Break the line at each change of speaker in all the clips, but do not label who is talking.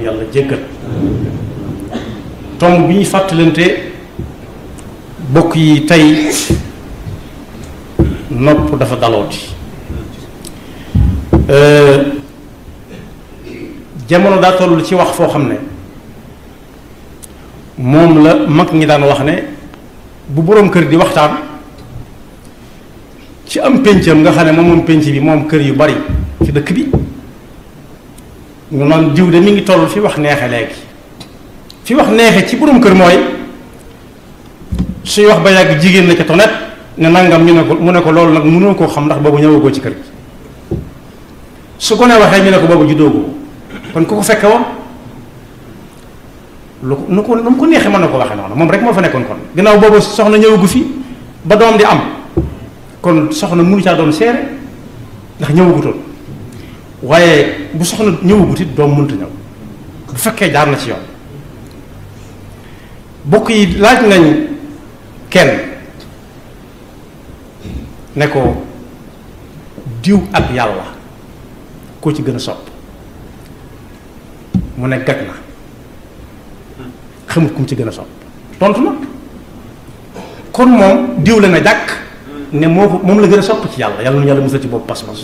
nañu yàlla jéggal tomb bi ñuy fàttalante bokk yi tey nopp dafa dalooti euh, jamono daa toll ci wax foo xam ne moom la mag ñi daan wax ne bu boroom kër di waxtaan ci am péncam nga xam ne moom moom pénc bi moom kër yu bari ci dëkk bi ñu noonu diw de mi ngi toll fi wax neexe léegi fi wax neexe ci borom kër mooy suy wax ba yàgg jigéen la ca tonet ne nangam ñu ne ko mu ne ko loolu nag mënoo koo xam ndax boobu ñëwagoo ci kër gi su ko ne waxee ñu ne ko boobu juddoogoo kon ku ko fekke woon lu ko nu ko nu mu ko neexee mën na ko waxee noonu moom rek moo fa nekkoon kon gannaaw boobu soxna ñëwagu fi ba doom di am kon soxna mënu caa doon seere ndax ñëwagutoon waaye bu soxna ñëwagut butit doom mënta ñëw bu fekkee jaar na ci yoon bokk yi laaj nañ kenn ne ko diw ak yàlla koo ci gën a sopp mu ne gag na xamut ku ci gën a sopp tontu na kon moom diw la na jàkk ne moo ko moom la gën a sopp ci yàlla yàlla nu yàlla musal ci boobu pas-pas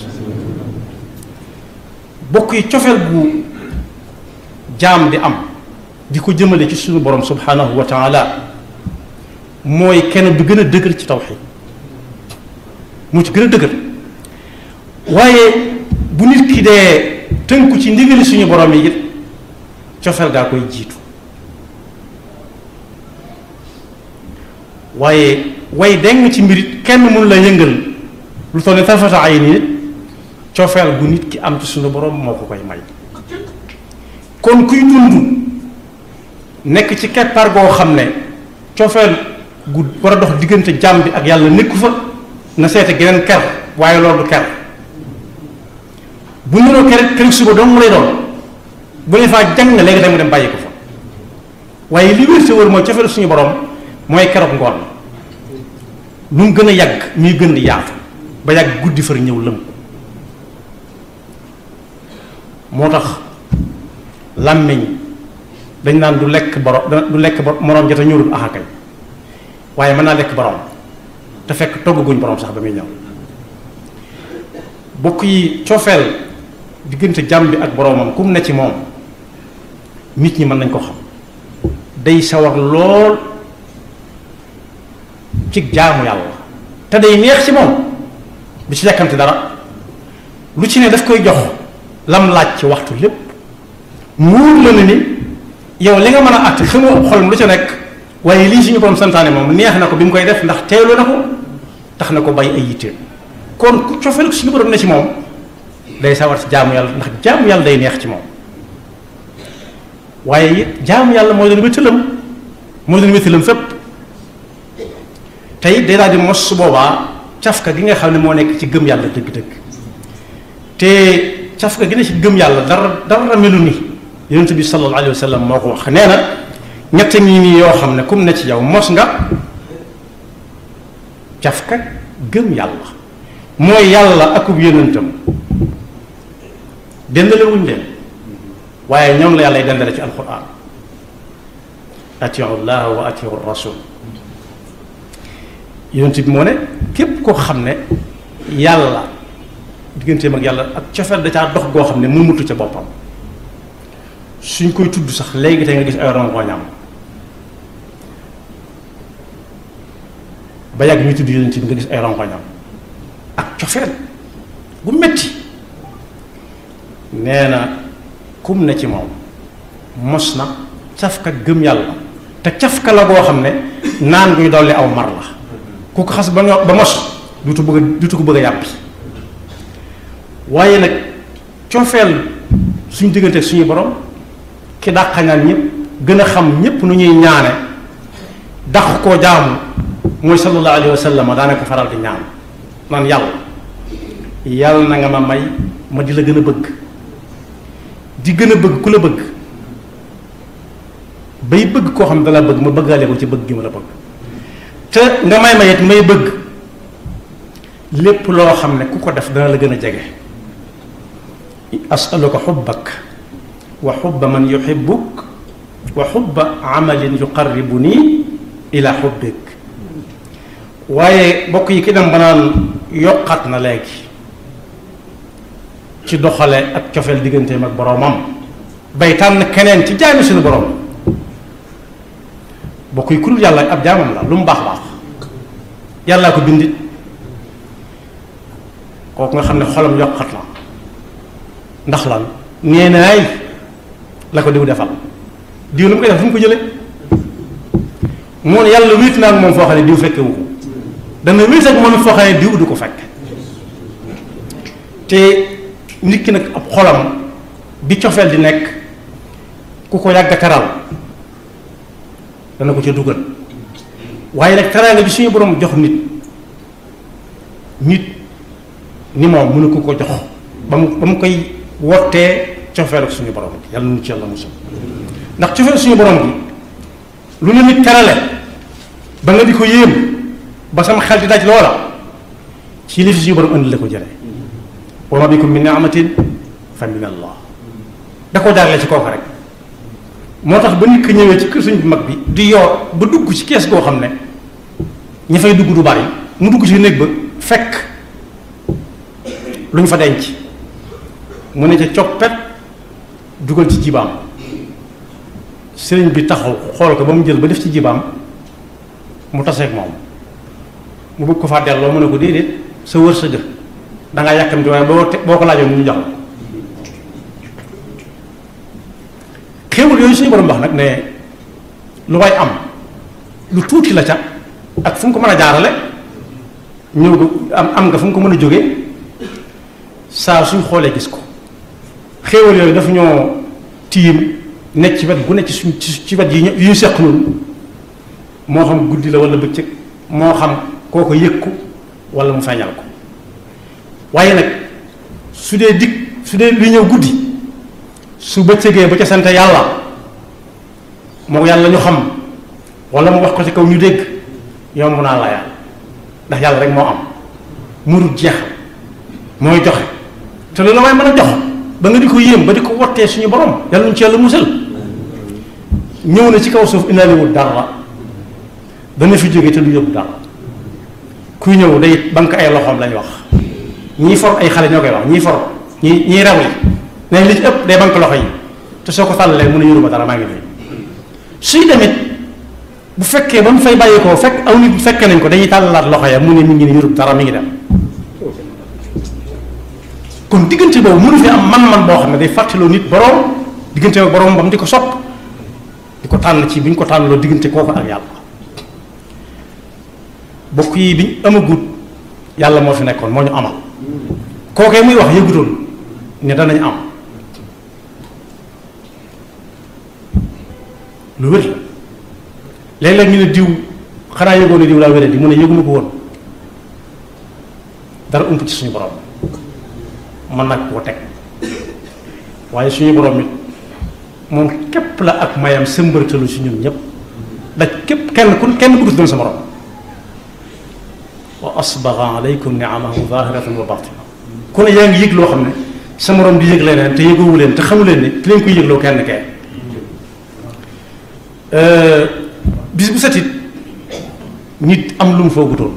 bokk yi cofeel bu jaam di am di ko jëmale ci suñu borom subhanahu wa taala mooy kenn bi gën a dëgër ci tawxid mu ci gën a dëgër waaye bu nit ki dee tënku ci ndigali suñu borom yi it cofeel gaa koy jiitu waaye way deng ci mbirit kenn mënu la yëngal lu toll ne tarfata nit cofeel gu nit ki am ci suñu borom moo ko koy may kon kuy dund nekk ci keppaar goo xam ne cofeel gu war a dox diggante jàmm bi ak yàlla nekku fa na seete geneen ker waaye loolu ker bu ñu doon ker ker suba dong mu lay doon bu ne faa jàng léegi dem dem bàyyi ko fa waaye li wér te mooy cofeel suñu borom mooy keroog ngoon lu mu gën a yàgg muy gën di yaatu ba yàgg guddi far ñëw lëm moo tax làmmiñ dañ naan du lekk borom du lekk moroom ja te ñorul axakay waaye mën naa lekk borom te fekk togguñ borom sax ba muy ñëw bokk yi coofeel diggante jàmm bi ak boromam kum ne ci moom nit ñi mën nañ ko xam day sawar lool ci jaamu yàlla te day neex ci moom du ci lekkante dara lu ci ne daf koy jox lam laaj ci waxtu lépp muur la ne ni yow li nga mën a àtt xamoo xolam lu ca nekk waaye lii suñu borom santaane moom neex na ko bi mu koy def ndax teelu na ko tax na ko bay ay yitteel kon ku cofeel suñu borom ne ci moom day sawar si jaamu yàlla ndax jaamu yàlla day neex ci moom waaye it jaamu yàlla mooy doon wéttalam mooy doon wéttalam fépp tey day daal di mos su boobaa cafka gi nga xam ne moo nekk ci gëm yàlla dëgg-dëgg te شاف كده شيء جم يلا در در ملوني يوم تبي صلى الله عليه وسلم ما هو خنينا نتني مي يوم خم نكون نتيجة وماسنا شاف كده جم يلا ما يلا أكو بينتم دندل وندل waye ñom la yalla dendal ci alquran atiyu allah wa atiyu rasul yoonte bi mo ne kep ko digganteem ak yàlla ak cofeel da caa dox goo xam ne mu mutu ca boppam suñ koy tudd sax léegi tey nga gis ay rongoñam ba yàgg ñu tudd yonent bi nga gis ay rongoñam ak cofeel bu metti nee na kum ne ci moom mos na cafka gëm yàlla te cafka la boo xam ne naan guy dolli aw mar la ku ko xas ba ba mos dutu bëgg dutu ko bëgg a yàppi waaye nag cofeel suñu diggante suñu borom ki dàq ñaan gën a xam ñëpp nu ñuy ñaane dàq koo jaamu mooy sallallahu alayhi wa sallam daanaka faral di ñaan naan yàlla yàlla na nga ma may ma di la gën a bëgg di gën a bëgg ku la bëgg bay bëgg koo xam ne dala bëgg ma bëggaale ko ci bëgg gi ma la bëgg te nga may mayet may bëgg lépp loo xam ne ku ko def dana la gën a jege أسألك حبك وحب من يحبك وحب عمل يقربني إلى حبك waaye bokk yi ki dem ba naan yokkaat na léegi ci doxale ak cofeel digganteem ak boroomam bay tànn keneen ci jaami suñu boroom bokk yi kurul yàlla ab jaamam la lu mu baax baax yàllaa ko bindit kooku nga xam ne xolam yokkat la ndax lan nee naay la ko diw defal diw lu mu koy def fu mu ko jële moo ne yàlla wéet naa ak moom foo xam ne diw fekke ko dana wéet ak moom foo xam ne diw du ko fekk te nit ki nag ab xolam bi cofeel di nekk ku ko yàgg a dana ko ca dugal waaye nag taraanga bi suñu borom jox nit nit ni moom mënu ko ko jox ba mu ba mu koy wottee cofeelu suñu borom bi yàlla nañu ci yàlla musal ndax suñu borom ne nit terale ba nga di ko yéem ba sama xel di daj loola ci li fi suñu borom indi ko jëlee wa ma bikum min ni'matin fa min allah da ko jaarale ci kooku rek moo tax ba nit ko ñëwee ci kër suñ bu mag bi di yor ba dugg ci kees koo xam ne ña fay dugg du bari mu dugg ci néeg ba fekk lu ñu fa denc mu ne ca coppet dugal ci jibaam sëriñ bi taxaw xool ko ba mu jël ba def ci jibaam mu taseeg moom mu bëgg ko faa delloo mu ne ko déedéet sa wërsëg da ngaa yàkkamti waaye boo boo ko laajoon mu ñu jox xéewal yooyu suñu borom wax nag ne lu koy am lu tuuti la ca ak fu mu ko mën a jaarale ñëw am am nga fu mu ko mën a jógee saa suñ xoolee gis ko xéewal yooyu daf ñoo tiim nekk ci wet gu nekk ci suñ ci wet yi ñu yi seq noonu moo xam guddi la wala bëccëg moo xam koo ko yëg ko wala mu feeñal ko waaye nag su dee dikk su dee li ñëw guddi su bëccëgee ba ca sant yàlla moom yàlla ñu xam walla mu wax ko ci kaw ñu dégg yomb naa la yàlla ndax yàlla rek moo am murut jeexal mooy joxe te loolu la may mën a jox ba nga di ko yéem ba di ko wottee suñu borom yàlla ñu ci yàlla musal ñëw na ci kaw suuf indaaliwul dara dana fi jóge te du yóbbu dara kuy ñëw day bank ay loxoom lañ wax ñii for ay xale ñoo koy wax ñii for ñii ñii raw yi nee li ci ëpp day bank loxo yi te soo ko tàllalee mun a yoruma dara maa ngi fi suy demit bu fekkee ba mu fay bàyyi koo fekk aw nit fekkee nañ ko dañuy tàllalaat loxo ya mu ne mi ngi ne yorub dara mi ngi dem kon diggante boobu mënu fi am man-man boo xam ne day fàttaloo nit boroom diggante ak boroom bam di ko sopp di ko tànn ci bi ñu ko tànnaloo diggante kooku ak yàlla bokk yi biñ amagut yàlla moo fi nekkoon moo ñu amal kookee muy wax yëgutoon ne danañ am lu wér la léeg ñu ne diw xanaa yëgoon ne diw laa wéré di mu ne yëguma ko woon dara ump ci suñu borom man nag koo teg waaye suñu boroom it moom képp la ak mayam sëmbartalu si ñun ñëpp da képp kenn ku kenn ku gis doon sa morom wa asbaga aleykum niamahu zahiratan wa batina ku ne yaa ngi yëg loo xam ne sa morom di yëg leneen te yëgoowu leen te xamu leen ne ki leen koy yëgloo kenn kenn bis bu set nit am lu mu foogutoon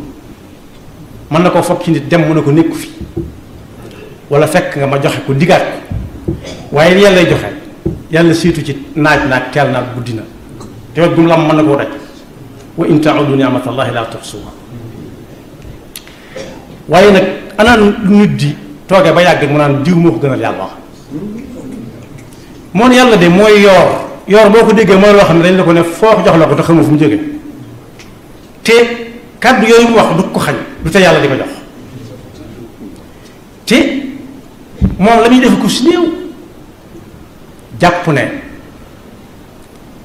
mën na koo fob ci nit dem mu ne ko nekku fi ولا فك ما جاخ كو ديغات واي يالا جوخ يالا سيتو تي ناج ناج تيال ناج غودينا تي غوم لام من نكو راج و ان تعود نعمه الله لا تحصوها واي نك انا نيت دي توغي با ياغ مو نان ديو موكو غنال يالا واخ مون يالا دي موي يور يور بوكو ديغي موي واخ نان لاكو نه فوخ جوخ لاكو تخمو فم جيغي تي كاد يوي مو واخ دوكو خاج دوتا يالا ديما جوخ تي moom la muy def ko si néew jàpp ne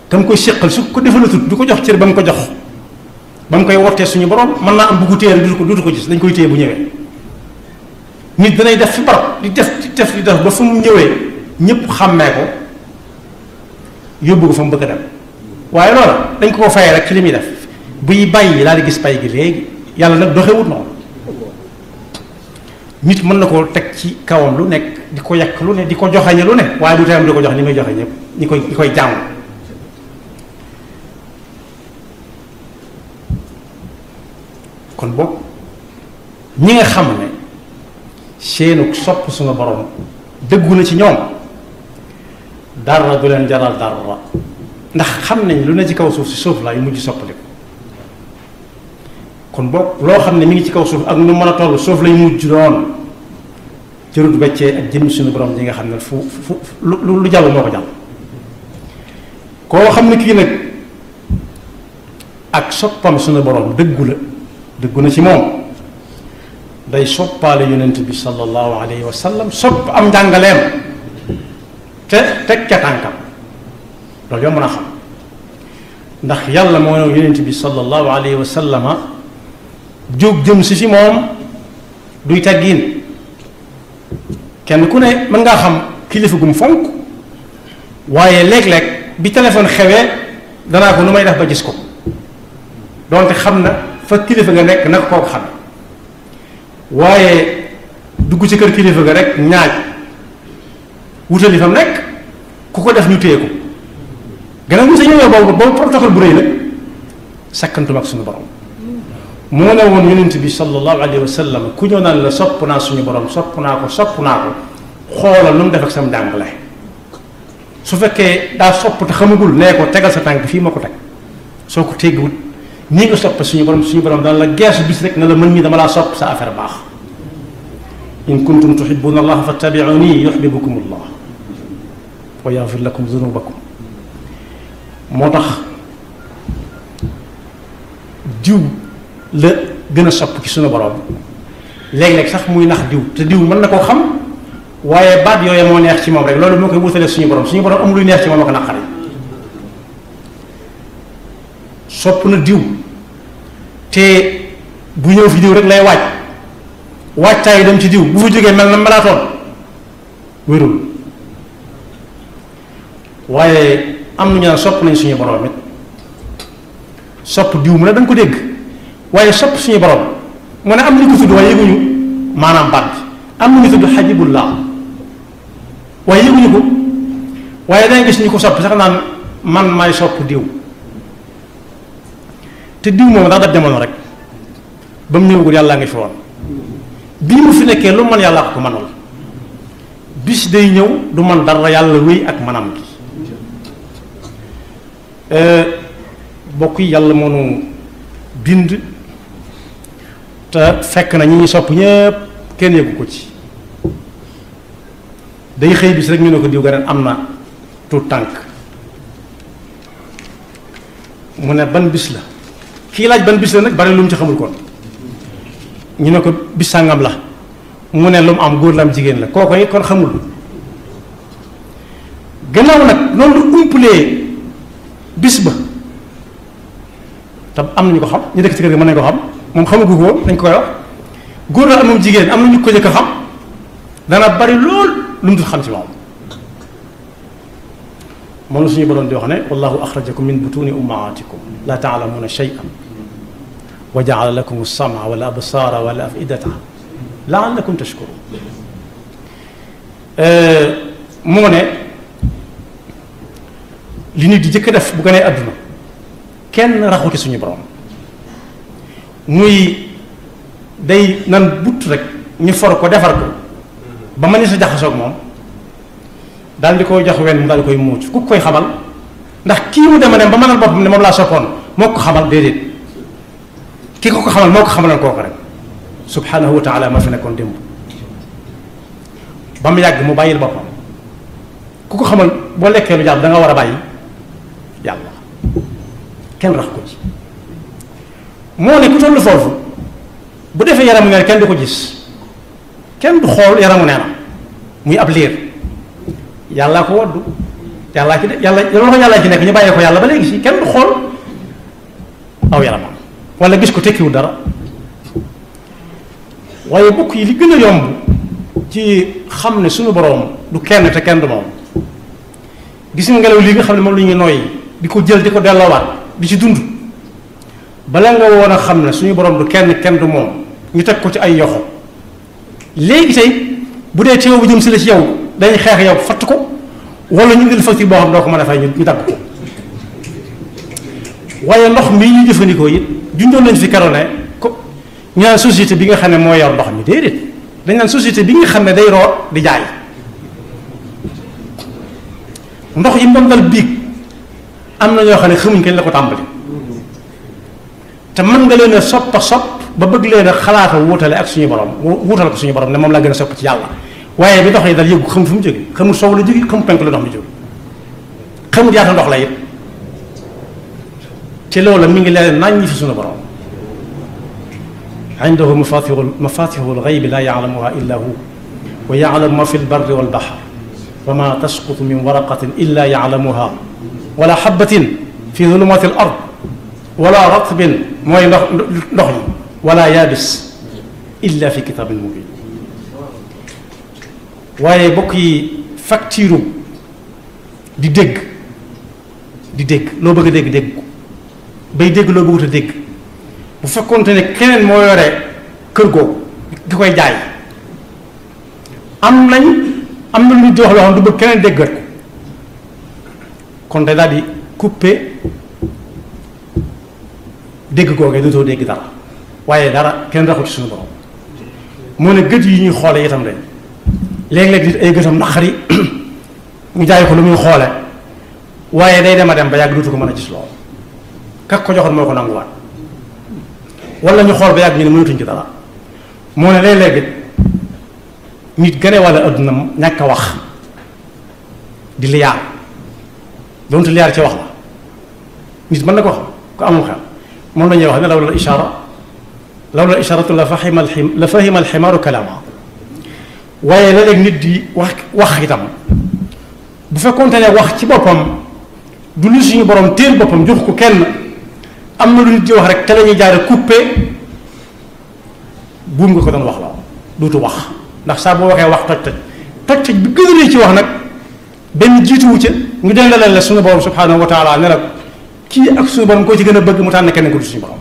tam koy séqal su ko defalatut du ko jox cër ba mu ko jox ba mu koy wortee suñu borom man naa am buggu téere dutu ko dutu ko gis dañ koy téye bu ñëwee nit danay def fi barab di def di def di ba fu mu ñëwee ñépp xàmmee ko yóbbu ko fa mu bëgg a dem waaye loolu dañ ko ko fayee rek ci li muy def buy bàyyi laa di gis pay gi léegi yàlla nag doxewut noonu nit mën na koo teg ci kawam lu nekk di ko yàq lu ne di ko joxañe lu ne waaye du tayam di ko jox ni muy joxe ñëpp ñi koy ñi koy jaamu kon boog ñi nga xam ne seenu sopp su nga borom dëggu na ci ñoom dara du leen jaral dara ndax xam nañ lu ne ci kaw suuf si suuf laay mujj soppaliku kon boog loo xam ne mu ngi ci kaw suuf ak nu mën a toll suuf lay mujj doon jërut beccee ak jëmm suñu borom ñi nga xam ne fu fu lu lu jàll moo ko jàll koo xam ne kii nag ak soppam suñu borom dëggu la dëggu na ci moom day soppaale yonent bi sallallahu alayhi wa sallam sopp am njàngaleem te teg ca tànkam loolu yomb na xam ndax yàlla moo ne yonent bi sallallahu alayhi wa sallama jóg jëm si si moom duy teggin kenn ku ne mën ngaa xam kilifa gum fonk waaye léeg-léeg bi téléphone xewee danaa ko nu may def ba gis ko donte xam na fa kilifa nga nekk naka kooku xam waaye dugg ci kër kilifa ga rek ñaaj wutali fa mu nekk ku ko def ñu téye ko gannaaw mu sa ñëwee boobu boobu protocole bu rëy la sakkantum ak suñu borom moo ne woon yonent bi sallallahu alayhi wa sallam ku ñëw naan la sopp naa suñu borom sopp naa ko sopp naa ko xoolal lu mu def ak sam dàngale su fekkee daa sopp te xamagul nee ko tegal sa tànk fii ma ko teg soo ko teggiwut nii nga sopp suñu borom suñu borom dana la geesu bis rek ne la mën ñi dama laa sopp sa affaire baax in kuntum tuhibbuna allah fattabi'uni yuhibbukum allah wa yaghfir lakum dhunubakum moo tax jiw la gën a sopp ci sunu borom léeg-léeg sax muy nax diw te diw mën na koo xam waaye baat yooyu moo neex ci moom rek loolu moo koy wutale suñu borom suñu borom am luy neex ci moom ak naqari na diw te bu ñëw fi diw rek lay waaj waajtaay ci diw bu fa jógee mel na melaatoon wérul waaye am na ñu sopp nañ suñu borom it sopp diw mu ne da ko dégg. waaye sopp suñu borom mu ne am li ko tudd waaye yëguñu maanaam baat bi am lu ñu tudd xajibullaa waaye yëguñu ko waaye danga gis ñu ko sopp sax naan man maay sopp diw te diw moom ndax daf demoon rek ba mu ñëwagul yàllaa ngi fi woon bii mu fi nekkee lu man yàllaa ko ko manal bis day ñëw du man dara yàlla wéy ak manaam gi euh, bokk yi yàlla moo nu bind te fekk na ñi ñu sopp ñëpp kenn yëgu ko ci day xëy bis rek ñu ne ko diw garen am na mu ne ban bis la kii laaj ban bis la nag bari lu mu ci xamul kon ñu ne ko bis sàngam la mu ne lu mu am góor la am jigéen la kooko yi kon xamul gannaaw nag noonu bis ba te am nañu ko xam ñu dekk ci kër gi mën ko xam moom xamagu ko dañ koy wax góor la mom jigen am ñu ko jëk a xam dana bari lool lu mu xam ci mom moom la suñu borom di wax ne wallahu akhrajakum min butuni ummahatikum la ta'lamuna shay'an wa jaala lakum alsama wal absara wal afidata laalakum tashkurun moo ne li nit di jëkk def bu gënee àdduna kenn raxu ci suñu borom muy day nan but rek ñu for ko defar ko ba ma ni sa jaxasoog moom daal di koo jox wenn mu daal di koy muuc ku koy xamal ndax kii mu dema dem ba mënal boppam ne moom laa soppoon moo ko xamal déedéet ki ko ko xamal moo ko xamalal kooku rek subhanahu ma fi nekkoon démb mu yàgg mu bàyyil boppam ku ko xamal boo lekkee lu jàll danga war a bàyyi yàlla kenn rax ko ci moo ne ku tollu foofu bu defee yaramu neen kenn du ko gis kenn du xool yaramu neenam muy ab liir yàllaa ko waddu yàllaa ci de yàlla loolu ko yàllaa ci nekk ñu bàyyee ko yàlla ba léegi si kenn du xool aw yaramam walla gis ko tekkiwul dara waaye bokk yi li gën a yomb ci xam ne suñu boroom du kenn te kenn du moom gis ngelaw lii nga xam ne moom la ñuy nooy di ko jël di ko delloowaat di ci dund bala nga woon a xam ne suñu borom du kenn kenn du moom ñu teg ko ci ay yoxo léegi tey bu dee teew bu jëm si la ci yow dañ xeex yow fatt ko wala ñu indil facture boo xam doo ko mën a fay ñu dagg ko waaye ndox mi ñu jëfandikoo it jundoon nañ fi karo ne ko ñu naan société bi nga xam ne moo yor ndox mi déedéet dañ naan société bi nga xam ne day root di jaay ndox yi mu doon dal biig am na ñoo xam ne xamuñ kañ la ko tàmbali تمن غلينا صب صب خلاط ووتل اك سوني بروم ووتل كو سوني بروم نمام لا غنا خم فم جيغي خم سوول جيغي خم بنك لا دوخ جيغي خم جاتا في سوني عنده مفاتيح مفاتيح الغيب لا يعلمها الا هو ويعلم ما في البر والبحر وما تسقط من ورقه الا يعلمها ولا حبه في ظلمات الارض ولا رطب موي نخل ولا يابس الا في كتاب مبين واي بوكي فاكتيرو دي دغ دي دغ لو بغي دغ دغ باي دغ لو بغوتو دغ بو فكونت ني كينن مو يوري كيرغو ديكوي جاي ام لاني ام لاني دي وخلو دو بكينن دغر كون دا دي كوبي dégg googee dootoo dégg dara waaye dara kenn raxu ci suñu borom mu ne gët yi ñuy xoole itam lañ léeg-léeg nit ay gëtam naqari ñu jaay ko lu muy xoole waaye day dem a dem ba yàgg dootu ko mën a gis lool kak ko joxoon moo ko nanguwaat wala ñu xool ba yàgg ñu ne mënatuñ ci dara moo ne léeg-léeg nit gane wala adduna ñàkk a wax di liyaar donte liyaar ci wax la nit mën na ko xam ku amul xel مون لا نيوخ لولا الاشاره لولا الاشاره لفهم الحم... لفهم الحمار كلامه واي لا ليك نيت دي واخ واخ ايتام بو فكون تاني واخ سي بوبام دو تير بوبام جوخ كو كين امنا لو نيت واخ كوبي بوم كو دون واخ لا دوتو واخ ناخ سا بو واخي واخ تاج تاج تاج بي گيدو لي سي واخ سبحانه وتعالى نلاك ci ak suñu borom koo ci gën a bëgg mu tànn kenn ku dul suñu borom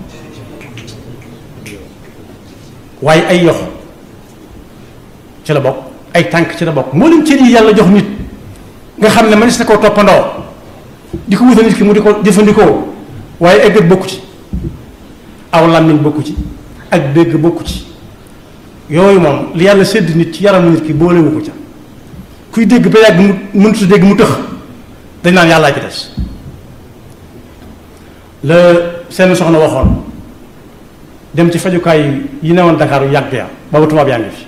waaye ay yox ci la bokk ay tànk ci la bokk moo leen cër yàlla jox nit nga xam ne mënees na koo toppandoo di ko wutal nit ki mu di ko jëfandikoo waaye ay bët bokku ci aw làmmiñ bokk ci ak dégg bokk ci yooyu moom li yàlla sedd nit ci yaramu nit ki boolewu ko ca kuy dégg ba yàgg mu mënut dégg mu tëx dañ naan yàllaa ci des la seen soxna waxoon dem ci fajukaay yi newoon Dakar yu yàgg ya boobu tubaab yaa ngi fi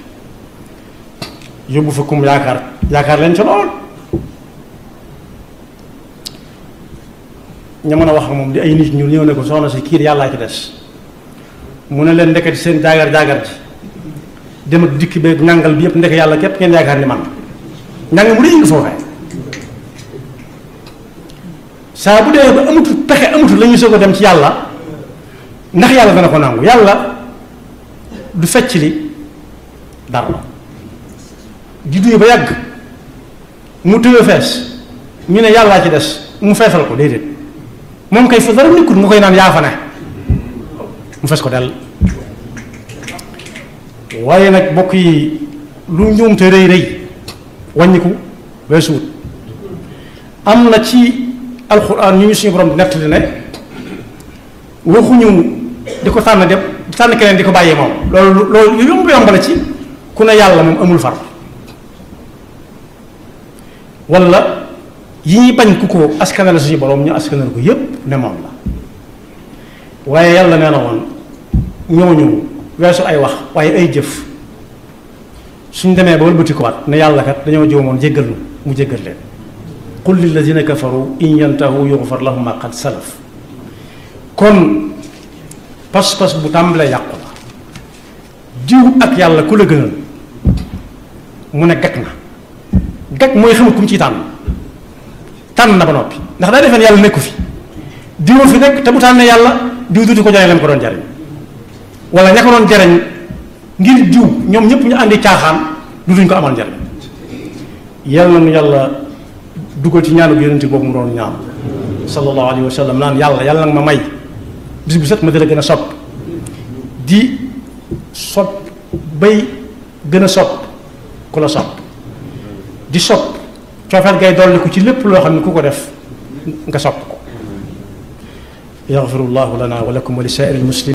yóbbu fa kum yaakaar yaakaar leen ca lool ña a wax ak moom di ay nit ñu ñëw ne ko soxna si kiir yàllaa ci des mu ne leen ndeketi seen jaagar jaagar ji dem ak dikk beeg nangal bi yëpp ndek yàlla képp ngeen yaakaar ni man nanga mu di indi foofee saa bu dee ba amatul pexe amatul la ñuy soog a dem ci yàlla ndax yàlla dana ko nangu yàlla du fecc li dara di duy ba yàgg mu tëye fees ñu ne yàllaa ci des mu feesal ko déedéet moom kay fa dara nekkul nga koy naan yaa fa mu fees ko dell waaye nag bokk yi lu njuumte rëy rëy wàññiku weesuwut am na ci alxuraan ñu ngi suñu borom nettali ne waxuñu di ko tànn dem tànn keneen di ko bàyyee moom loolu loolu yomb yomb ci ku ne yàlla moom amul far wala yi ñuy bañ ku ko askanal suñu borom ñu askanal ko yépp ne moom la waaye yàlla nee na woon ñooñu weesu ay wax waaye ay jëf suñu demee ba wëlbatikuwaat ne yàlla kat dañoo jëw moon jéggal mu jéggal leen qul lillazina kafaru in yantahu yughfar lahum ma qad salaf kon pas pas bu tàmbalee yàqu diw ak yàlla ku la gënal mu ne gag na gag mooy xamul kum ci tànn tànn na ba noppi ndax daa defeen yàlla nekku fi diw fi nekk te bu tànnee yàlla diw duuti ko jariñ lam ko doon jariñ wala ña ko doon ngir diw ñoom ñëpp ñu andi caaxaan du duñ ko amal njariñ yàlla nu yàlla dugal ci ñaanu yonent boobu mu doon ñaan sallallahu alayhi wa naan yàlla yàlla nag ma may bis bu set ma dala gën a sopp di sopp bay a sopp ku la sopp di sopp coofeel gay dolli ko ci lépp loo xam ne ku ko def nga sopp ko yaxfirullahu lana wa lakum wa li saa'iril muslimin